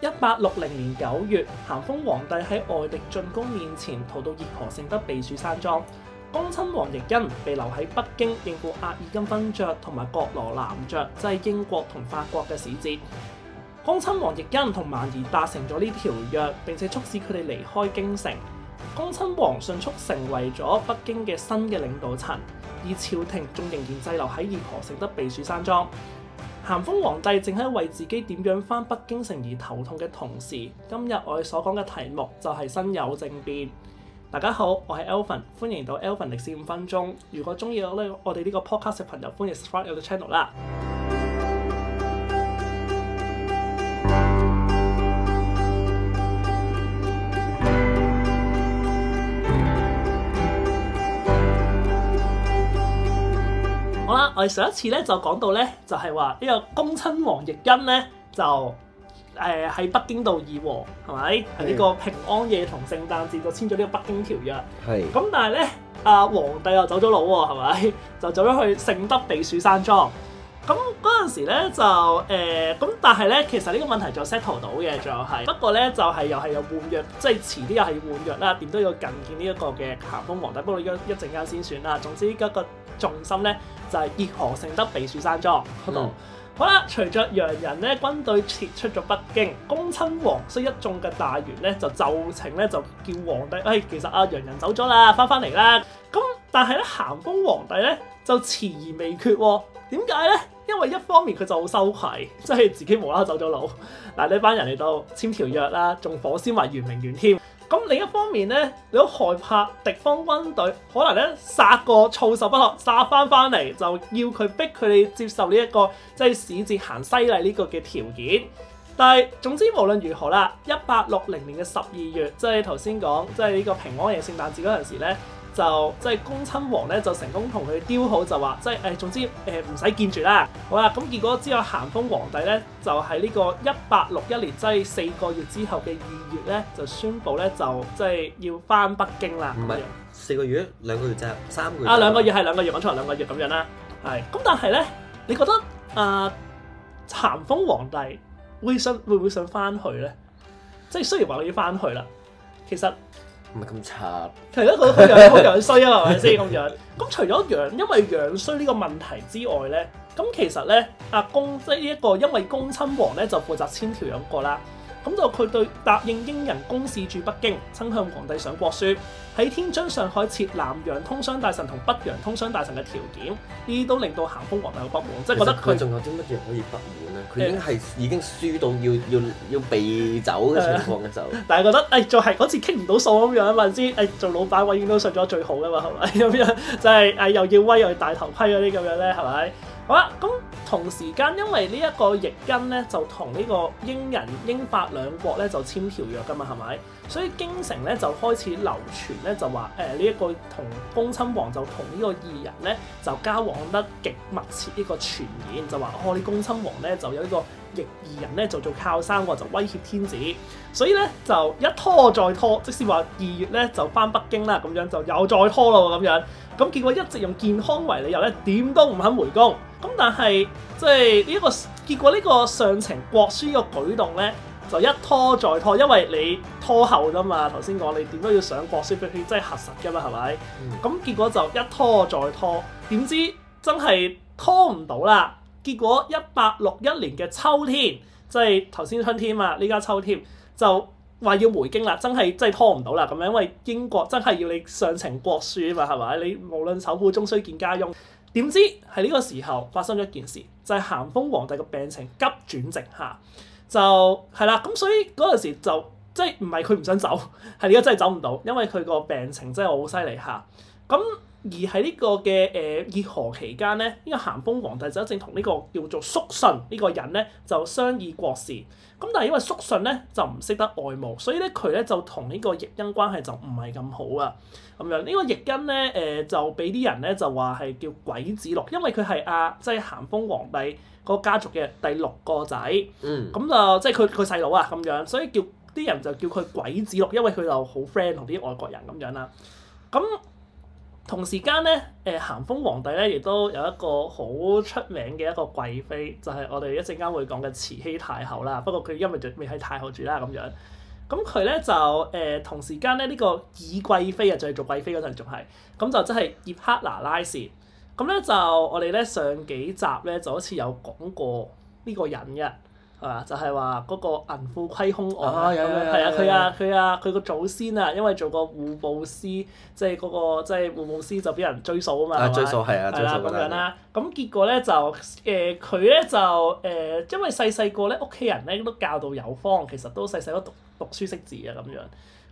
一八六零年九月，咸豐皇帝喺外敵進攻面前，逃到熱河承德避暑山莊。恭親王奕欣被留喺北京應付阿爾根勳爵同埋國羅男爵，即係英國同法國嘅使節。恭親王奕欣同蠻夷達成咗呢條約，並且促使佢哋離開京城。恭親王迅速成為咗北京嘅新嘅領導層，而朝廷仲仍然滯留喺熱河承德避暑山莊。咸豐皇帝正喺為自己點樣返北京城而頭痛嘅同時，今日我哋所講嘅題目就係辛酉政變。大家好，我係 Elvin，歡迎到 Elvin 歷史五分鐘。如果中意我咧，我哋呢個 podcast 嘅朋友，歡迎 subscribe 我嘅 channel 啦。好啦，我哋上一次咧就講到咧，就係話呢、就是這個恭親王奕欣咧就。誒喺北京度議和，係咪？係呢個平安夜同聖誕節就簽咗呢個北京條約。係咁是，但係咧，阿、啊、皇帝又走咗佬喎，係咪？就走咗去承德避暑山莊。咁嗰陣時咧就誒，咁、呃、但係咧，其實呢個問題就 settle 到嘅，仲有係不過咧，就係、是、又係有換約，即、就、係、是、遲啲又係換約啦，點都要近見呢一個嘅咸豐皇帝，不過一一陣間先算啦。總之家個重心咧就係、是、熱河承德避暑山莊度。嗯。好啦，隨着洋人咧軍隊撤出咗北京，恭親王率一眾嘅大員咧就奏請咧就叫皇帝，哎，其實阿、啊、洋人走咗啦，翻翻嚟啦。咁但係咧，咸豐皇帝咧就遲疑未決，哦，點解咧？因為一方面佢就好羞愧，即、就、係、是、自己無啦走咗佬。嗱 呢、啊、班人嚟到簽條約啦，仲火燒埋圓明園添。咁另一方面咧，你好害怕敵方軍隊可能咧殺過措手不及，殺翻翻嚟就要佢逼佢哋接受呢、這、一個即係、就是、使節行西禮呢個嘅條件。但係總之無論如何啦，一八六零年嘅十二月，即係你頭先講，即係呢個平安夜聖誕節嗰陣時咧。就即係恭親王咧，就成功同佢雕好，就話即係誒，總之誒唔使見住啦。好啦，咁結果之後咸豐皇帝咧，就喺呢個一八六一年，即係四個月之後嘅二月咧，就宣布咧，就即係要翻北京啦。唔係四個月，兩個月啫，三個月。啊，兩個月係兩個月，講錯係兩個月咁樣啦。係咁，但係咧，你覺得啊咸豐皇帝會想會唔會想翻去咧？即係雖然話我要翻去啦，其實。唔係咁差，係咯，佢好樣衰啊，係咪先咁樣？咁除咗樣，因為樣衰呢個問題之外咧，咁其實咧，阿公即係呢一個，因為公親王咧就負責千條養過啦。咁就佢對答應英人公使住北京，親向皇帝上國書，喺天津、上海設南洋通商大臣同北洋通商大臣嘅條件，呢都令到咸豐皇帝好不滿，即係實覺得佢仲有啲乜嘢可以不滿啊？佢已經係已經輸到要要要避走嘅情況嘅就的，但係覺得誒就係好似傾唔到數咁樣，問之誒做老闆位應該上咗最好噶嘛，係咪咁樣？ 就係、是、誒、哎、又要威又要戴頭盔嗰啲咁樣咧，係咪？好啦，咁同時間，因為呢一個逆根咧，就同呢個英人、英法兩國咧就簽條約㗎嘛，係咪？所以京城咧就開始流傳咧就話，誒呢一個同恭親王就同呢個夷人咧就交往得極密切，呢個傳言就話，哦呢恭親王咧就有呢個逆夷人咧就做靠山喎，就威脅天子，所以咧就一拖再拖，即使話二月咧就返北京啦，咁樣就又再拖咯咁樣，咁結果一直用健康為理由咧點都唔肯回宮，咁但係即係呢一個結果呢個上呈國書個舉動咧。就一拖再拖，因為你拖後啫嘛。頭先講你點都要上國書俾佢，真係核實嘅嘛，係咪？咁、嗯、結果就一拖再拖，點知真係拖唔到啦。結果一八六一年嘅秋天，即係頭先春天嘛，呢家秋天就話要回京啦。真係真係拖唔到啦。咁樣因為英國真係要你上呈國書啊嘛，係咪？你無論醜婦終須見家翁。點知喺呢個時候發生咗一件事，就係、是、咸豐皇帝嘅病情急轉直下。就係啦，咁所以嗰陣時就即係唔係佢唔想走，係而家真係走唔到，因為佢個病情真係好犀利吓，咁。而喺呢個嘅誒熱河期間咧，呢個咸豐皇帝就正同呢個叫做肅順呢個人咧就商議國事。咁但係因為肅順咧就唔識得外務，所以咧佢咧就同呢個奕訢關係就唔係咁好啊。咁樣呢個奕訢咧誒就俾啲人咧就話係叫鬼子六，因為佢係啊即係、就是、咸豐皇帝個家族嘅第六個仔。咁、嗯、就即係佢佢細佬啊咁樣，所以叫啲人就叫佢鬼子六，因為佢就好 friend 同啲外國人咁樣啦。咁同時間咧，誒咸豐皇帝咧亦都有一個好出名嘅一個貴妃，就係、是、我哋一陣間會講嘅慈禧太后啦。不過佢因為仲未係太后住啦，咁樣，咁佢咧就誒、呃、同時間咧呢、這個懿貴妃啊，就係、是、做貴妃嗰陣仲係，咁就真係葉赫那拉氏。咁咧就我哋咧上幾集咧就好似有講過呢個人嘅。係嘛？就係話嗰個銀庫虧空案，係啊！佢啊佢啊佢個祖先啊，因為做個戶部司，即係嗰個即係戶部司就俾人追數啊嘛，係嘛？係啦，咁樣啦。咁結果咧就誒佢咧就誒，因為細細個咧屋企人咧都教導有方，其實都細細都讀讀書識字啊咁樣。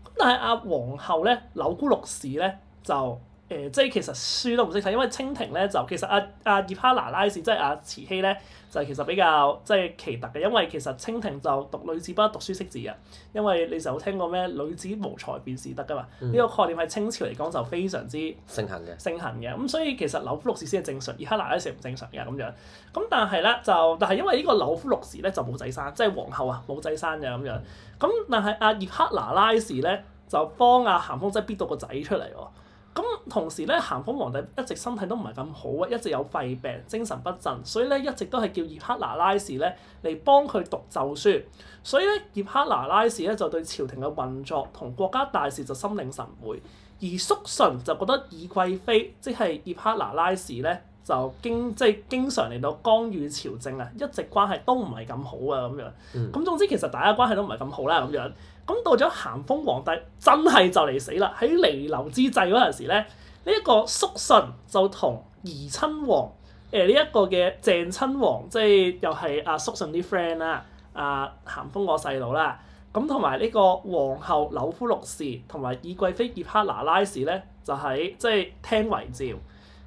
咁但係阿皇后咧，柳姑六氏咧就。誒，即係其實書都唔識睇，因為清廷咧就其實阿阿葉赫那拉氏即係阿慈禧咧，就其實比較即係奇特嘅，因為其實清廷就讀女子不讀書識字嘅，因為你就好聽過咩女子無才便是德㗎嘛，呢、嗯、個概念喺清朝嚟講就非常之盛行嘅。盛行嘅咁所以其實鈕祜祿氏先係正常，葉赫那拉氏唔正常嘅咁樣。咁但係咧就但係因為呢個鈕祜祿氏咧就冇仔生，即係皇后啊冇仔生嘅咁樣。咁但係阿、啊、葉赫那拉氏咧就幫阿、啊、咸豐即係逼到個仔出嚟喎。咁同時咧，咸豐皇帝一直身體都唔係咁好，一直有肺病、精神不振，所以咧一直都係叫葉赫那拉氏咧嚟幫佢讀奏書，所以咧葉赫那拉氏咧就對朝廷嘅運作同國家大事就心領神會，而肅順就覺得懿貴妃即係葉赫那拉氏咧。就經即係經常嚟到干預朝政啊，一直關係都唔係咁好啊咁樣。咁、嗯、總之其實大家關係都唔係咁好啦咁樣。咁到咗咸豐皇帝真係就嚟死啦，喺彌留之際嗰陣時咧，呢、這、一個肅順就同怡親王誒呢一個嘅鄭親王，即係又係阿肅順啲 friend 啦，阿、啊啊、咸豐個細佬啦，咁同埋呢個皇后柳夫六氏同埋懿貴妃葉赫那拉氏咧，就喺即係聽遺詔。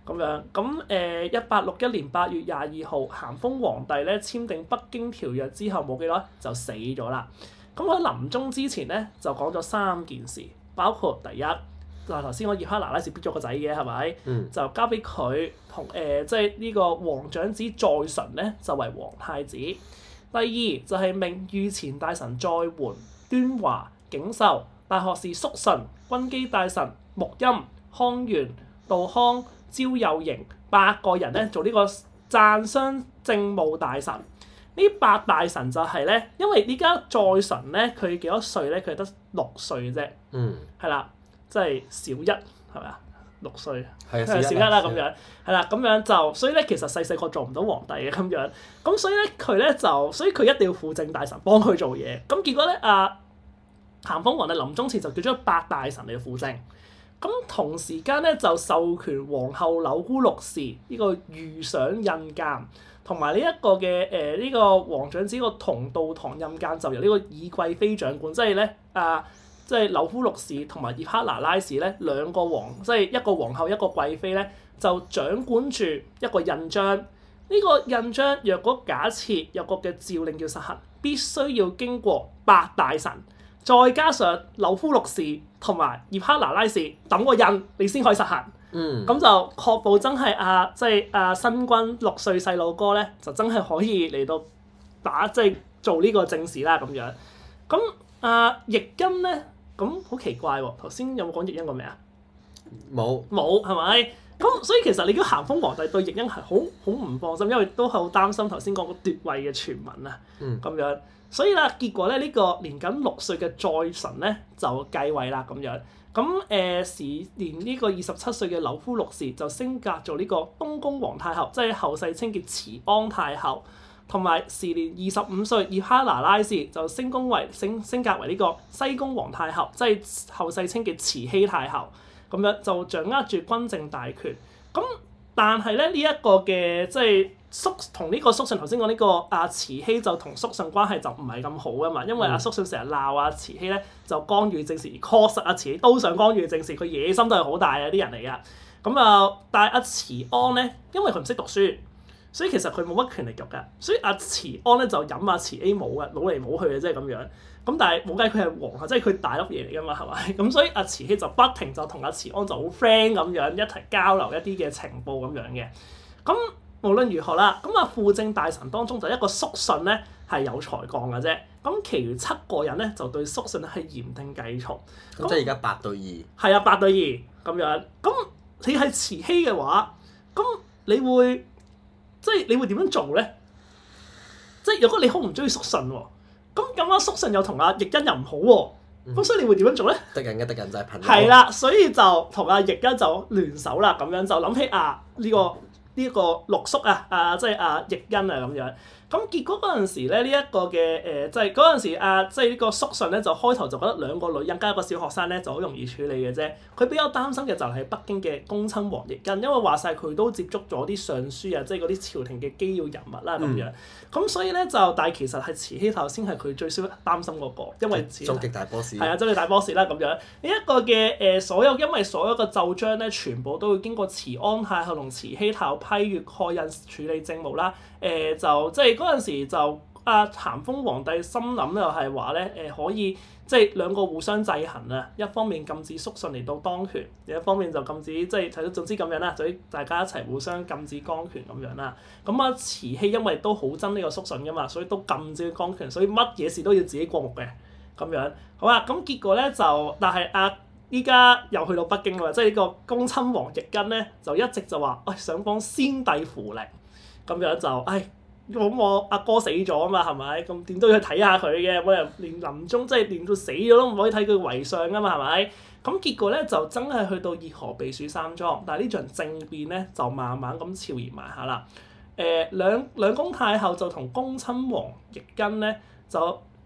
咁樣咁誒，一八六一年八月廿二號，咸豐皇帝咧簽訂北京條約之後冇幾耐就死咗啦。咁佢臨終之前咧，就講咗三件事，包括第一，嗱頭先我葉赫那拉氏逼咗個仔嘅係咪？是是嗯、就交俾佢同誒即係呢個皇長子載淳咧就為皇太子。第二就係、是、命御前大臣載垣，端華、景壽、大學士肅順、軍機大臣穆蔭、匡源、杜翰。招又營八個人咧做呢個贊商政務大臣。呢八大臣就係咧，因為依家載淳咧，佢幾多歲咧？佢得六歲啫。嗯。係啦，即係小一，係咪啊？六歲，係小一啦咁樣。係啦，咁樣就所以咧，其實細細個做唔到皇帝嘅咁樣。咁所以咧，佢咧就所以佢一定要輔政大臣幫佢做嘢。咁結果咧，阿咸豐皇帝臨終前就叫咗八大臣嚟輔政。咁同時間咧就授權皇后鈕祜祿氏呢個御賞印鑑，同埋呢一個嘅誒呢個皇長子個同道堂印鑑就由呢個懿貴妃掌管，即係咧啊，即係鈕祜祿氏同埋葉赫那拉氏咧兩個皇，即係一個皇后一個貴妃咧，就掌管住一個印章。呢個印章若果假設有個嘅詔令叫執行，必須要經過八大臣。再加上柳夫六氏同埋葉赫那拉氏揼個印，你先可以實行。嗯。咁就確保真係啊，即係啊，新君六歲細路哥咧，就真係可以嚟到打即係做呢個正事啦咁樣。咁啊，奕欣咧，咁好奇怪喎！頭先有冇講奕欣過未？啊？冇。冇係咪？咁有所以其實你見咸豐皇帝對奕欣係好好唔放心，因為都好擔心頭先講個奪位嘅傳聞啊。嗯。咁樣。所以啦，結果咧，呢、這個年僅六歲嘅載淳咧就繼位啦，咁樣。咁誒、呃、時年呢個二十七歲嘅鈕祜祿氏就升格做呢個東宮皇太后，即係後世稱嘅慈安太后。同埋時年二十五歲葉赫那拉氏就升宮為，升升格為呢個西宮皇太后，即係後世稱嘅慈禧太后。咁樣就掌握住軍政大權。咁但係咧，呢、這、一個嘅即係。叔同呢個叔信頭先講呢個阿、啊、慈禧就同叔信關係就唔係咁好噶嘛，因為阿叔信成日鬧阿慈禧咧，就干預政事而苛責阿慈禧，都想干預政事，佢野心都係好大啊啲人嚟噶。咁啊，但係阿慈安咧，因為佢唔識讀書，所以其實佢冇乜權力欲噶。所以阿、啊、慈安咧就飲阿、啊、慈禧冇嘅，老嚟冇去嘅，即係咁樣。咁但係冇計，佢係皇后，即係佢大粒嘢嚟噶嘛，係咪？咁所以阿、啊、慈禧就不停就，、啊、就同阿慈安就好 friend 咁樣一齊交流一啲嘅情報咁樣嘅。咁無論如何啦，咁啊輔政大臣當中就一個肅順咧係有才幹嘅啫，咁其餘七個人咧就對肅順係言聽計從。咁即係而家八對二。係啊，八對二咁樣。咁你係慈禧嘅話，咁你會即係你會點樣做咧？即係如果你好唔中意肅順喎，咁咁啱肅順又同阿奕訢又唔好喎、啊，咁、嗯、所以你會點樣做咧？敵人嘅，敵人就係朋友。係啦，所以就同阿奕訢就聯手啦，咁樣就諗起啊呢、呢個。呢個六叔啊，啊，即係阿奕欣啊，咁、啊、樣。咁結果嗰陣時咧、這個，呢一個嘅誒，即係嗰陣時啊，即係個肅順咧，就開頭就覺得兩個女人加一個小學生咧就好容易處理嘅啫。佢比較擔心嘅就係北京嘅恭親王奕訢，因為話晒佢都接觸咗啲尚書啊，即係嗰啲朝廷嘅機要人物啦咁樣。咁、嗯、所以咧就，但係其實係慈禧頭先係佢最少擔心嗰個，因為終極大 boss 係啊，終極大 boss 啦咁樣。呢一個嘅誒、呃，所有因為所有嘅奏章咧，全部都要經過慈安太后同慈禧太批閲蓋印處理政務啦。誒、呃，就、呃、即係。即嗰陣時就阿咸豐皇帝心諗，又係話咧，誒、呃、可以即係、就是、兩個互相制衡啊！一方面禁止肅順嚟到當權，另一方面就禁止即係、就是、總之咁樣啦，就大家一齊互相禁止剛權咁樣啦。咁、嗯、啊，慈禧因為都好憎呢個肅順噶嘛，所以都禁止剛權，所以乜嘢事都要自己過目嘅咁樣。好啊，咁、嗯、結果咧就但係啊，依家又去到北京啦，即係呢個恭親王奕訢咧就一直就話，喂、哎、想幫先帝扶靈，咁樣就誒。哎咁、嗯、我阿哥死咗啊嘛，係咪？咁點都要睇下佢嘅，冇理由連臨終即係連到死咗都唔可以睇佢遺像噶嘛，係咪？咁、嗯、結果咧就真係去到熱河避暑山莊，但係呢場政變咧就慢慢咁悄然埋下啦。誒、呃，兩兩宮太后就同恭親王奕根咧，就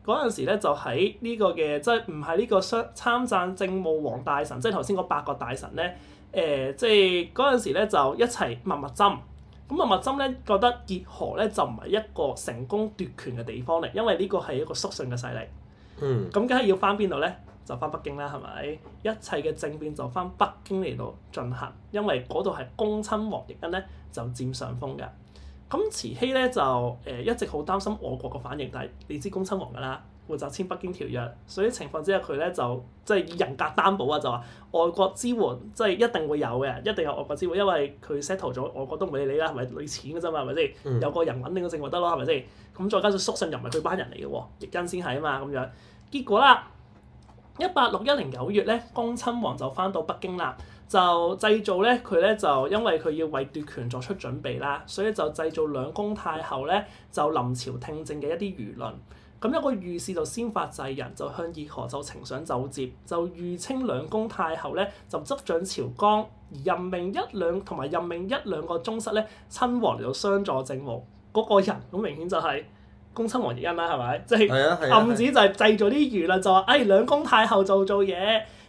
嗰陣時咧就喺呢個嘅，即係唔係呢個相參贊政務王大臣，即係頭先嗰八個大臣咧，誒、呃，即係嗰陣時咧就一齊密，密密針。咁啊，墨針咧覺得熱河咧就唔係一個成功奪權嘅地方嚟，因為呢個係一個肅順嘅勢力。嗯。咁梗係要翻邊度咧？就翻北京啦，係咪？一切嘅政變就翻北京嚟度進行，因為嗰度係恭親王奕訢咧就佔上風㗎。咁慈禧咧就誒、呃、一直好擔心我國個反應，但係你知恭親王㗎啦。負責簽北京條約，所以情況之下佢咧就即係以人格擔保啊，就話外國支援即係、就是、一定會有嘅，一定有外國支援，因為佢 settle 咗外國都唔理你啦，係咪攞錢嘅啫嘛，係咪先？嗯、有個人穩定嘅政府得咯，係咪先？咁再加上肅順又唔係佢班人嚟嘅喎，奕訢先係啊嘛，咁樣結果啦，一八六一年九月咧，恭親王就返到北京啦，就製造咧佢咧就因為佢要為奪權作出準備啦，所以就製造兩宮太后咧就臨朝聽政嘅一啲輿論。咁一個御史就先發制人，就向熱河就呈上奏折，就預稱兩宮太后咧就執掌朝綱，而任命一兩同埋任命一兩個宗室咧親王嚟到相助政務嗰、那個人顯，好明顯就係恭親王奕訢啦，係咪？即係暗指就係製造啲輿論，就話誒兩宮太后做做嘢，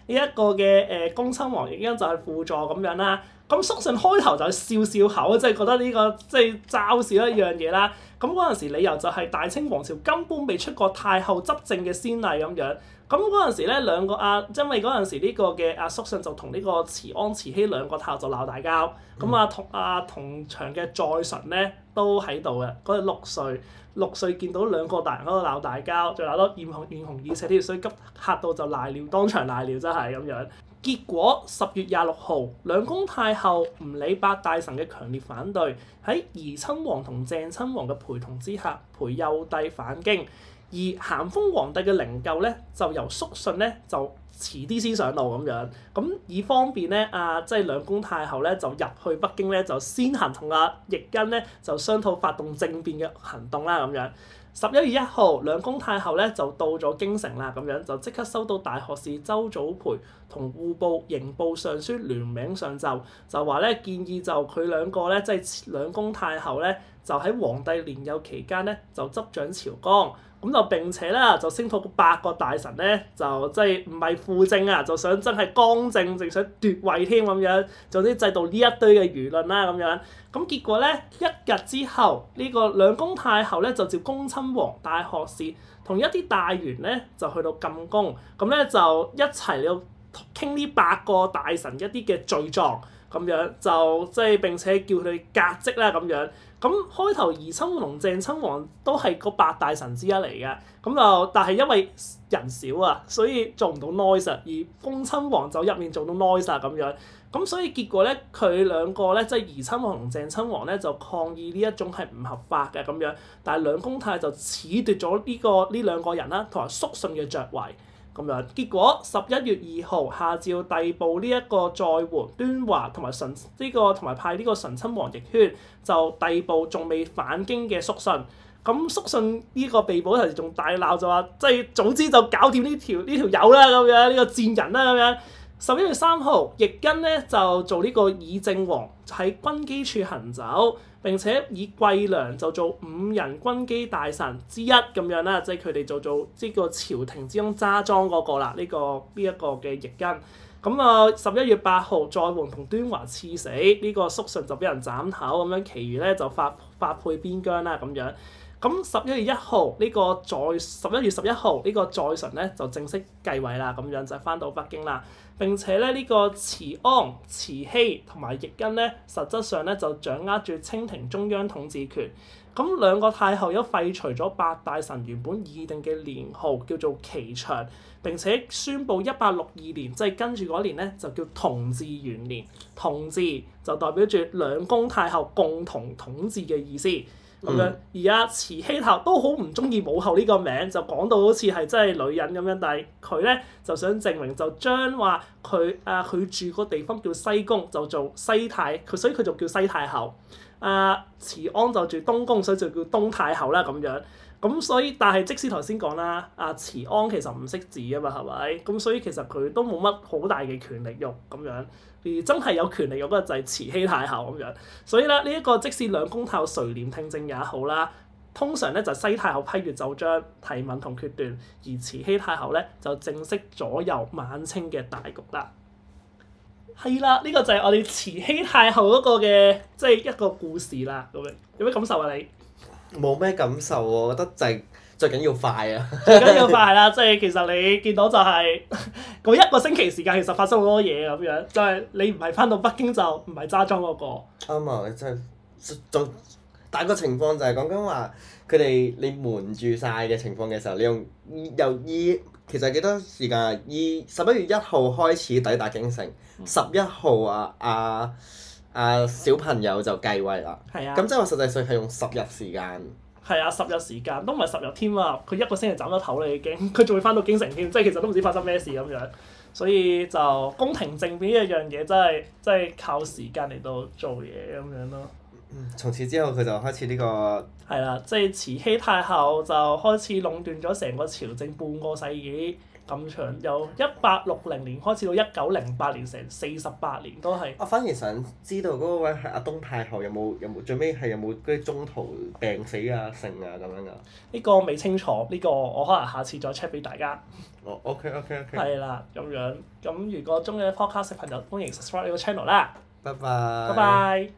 呢、這、一個嘅誒恭親王奕訢就係輔助咁樣啦。咁肅順開頭就笑笑口，即、就、係、是、覺得呢、這個即係、就是、嘲笑一樣嘢啦。咁嗰陣時理由就係大清皇朝根本未出過太后執政嘅先例咁樣，咁嗰陣時咧兩個阿，因為嗰陣時呢個嘅阿肅順就同呢個慈安慈禧兩個太后就鬧大交，咁阿、嗯嗯啊、同阿、啊、同場嘅載淳咧都喺度嘅，日六歲，六歲見到兩個大人喺度鬧大交，仲鬧到臉紅臉紅耳赤，呢條水急嚇到就瀨尿，當場瀨尿真係咁樣。結果十月廿六號，兩宮太后唔理八大臣嘅強烈反對，喺怡親王同鄭親王嘅陪同之下，陪幼帝返京。而咸豐皇帝嘅靈柩咧就由肅順咧就遲啲先上路咁樣，咁以方便咧啊，即係兩宮太后咧就入去北京咧就先行同阿奕訢咧就商討發動政變嘅行動啦咁樣。十一月一號，兩宮太后咧就到咗京城啦，咁樣就即刻收到大學士周祖培同戶部、刑部尚書聯名上奏，就話咧建議就佢兩個咧，即係兩宮太后咧，就喺皇帝年幼期間咧就執掌朝綱。咁就並且啦，就聲討八個大臣咧，就，就即係唔係輔政啊，就想真係剛正，仲想奪位添咁樣。總之製造呢一堆嘅輿論啦咁樣。咁結果咧，一日之後呢，這個兩宮太后咧就召恭親王大學士同一啲大員咧就去到禁宮，咁咧就一齊要傾呢八個大臣一啲嘅罪狀。咁樣就即係並且叫佢革職啦咁樣。咁開頭怡親王、同鄭親王都係個八大臣之一嚟嘅。咁就但係因為人少啊，所以做唔到 noise、啊。而封親王就入面做到 noise 咁、啊、樣。咁所以結果咧，佢兩個咧即係怡親王同鄭親王咧就抗議呢一種係唔合法嘅咁樣。但係兩宮太就褫奪咗呢、這個呢兩個人啦、啊，同埋肅順嘅爵位。咁樣，結果十一月二號下詔逮捕呢一個載垣、端華，同埋醇呢個同埋派呢個醇親王奕譞就逮捕仲未返京嘅肅順。咁肅順呢個被捕嗰陣時仲大鬧就話，即係總之就搞掂呢條呢條友啦咁樣，呢、呢個賤人啦咁樣。十一月三號，奕訢咧就做呢個議政王喺軍機處行走，並且以桂良就做五人軍機大臣之一咁樣啦，即係佢哋就做呢個朝廷之中揸莊嗰個啦，呢、這個呢一、這個嘅奕訢。咁啊，十一月八號，載垣同端華賜死，呢、這個肅順就俾人斬頭咁樣，其餘咧就發發配邊疆啦咁樣。咁十一月一號呢、這個在十一月十一號、這個、在呢個載淳咧就正式繼位啦，咁樣就返到北京啦。並且咧呢、這個慈安、慈禧同埋奕訢咧，實質上咧就掌握住清廷中央統治權。咁兩個太后又廢除咗八大臣原本擬定嘅年號叫做祺祥，並且宣布一八六二年，即、就、係、是、跟住嗰年咧就叫同治元年。同治就代表住兩宮太后共同統治嘅意思。咁樣，嗯、而阿慈禧太后都好唔中意母后呢個名，就講到好似係真係女人咁樣，但係佢咧就想證明就將，就將話佢啊佢住個地方叫西宮，就做西太后，佢所以佢就叫西太后。啊慈、uh, 安就住東宮，所以就叫東太后啦咁樣。咁所以但係即使頭先講啦，啊慈安其實唔識字啊嘛，係咪？咁所以其實佢都冇乜好大嘅權力慾咁樣。而真係有權力慾嗰個就係慈禧太后咁樣。所以咧，呢、這、一個即使兩宮太后垂簾聽政也好啦，通常咧就是、西太后批閲奏章、提問同決斷，而慈禧太后咧就正式左右晚清嘅大局啦。係啦，呢、這個就係我哋慈禧太后嗰個嘅，即、就、係、是、一個故事啦。咁樣有咩感,、啊、感受啊？你冇咩感受我覺得就係最緊要,、啊、要快啊！最緊要快啦，即係其實你見到就係、是、嗰 一個星期時間，其實發生好多嘢咁樣。就係、是、你唔係返到北京就唔係揸莊嗰個。啱啊！真係仲但係個情況就係、是、講緊話，佢哋你瞞住晒嘅情況嘅時候，你用又依。有 e, 有 e, 其實幾多時間？十一月一號開始抵達京城，十一號啊啊啊，小朋友就繼位啦。係啊！咁即係話實際上係用十日時間。係啊，十日時間都唔係十日添啊！佢一個星期斬咗頭啦已經，佢仲會翻到京城添，即係其實都唔知發生咩事咁樣。所以就宮廷政變呢一樣嘢，真係真係靠時間嚟到做嘢咁樣咯。嗯，從此之後佢就開始呢個係啦，即係慈禧太后就開始壟斷咗成個朝政半個世紀咁長，由一八六零年開始到一九零八年，成四十八年都係。我啊反而想知道嗰個位係阿東太后有冇有冇最尾係有冇嗰啲中途病死啊、死啊咁樣㗎？呢個未清楚，呢個我可能下次再 check 俾大家。哦，OK，OK，OK。係啦，咁樣咁，如果鍾意 podcast 嘅朋友，歡迎 subscribe 呢個 channel 啦。拜拜。拜拜。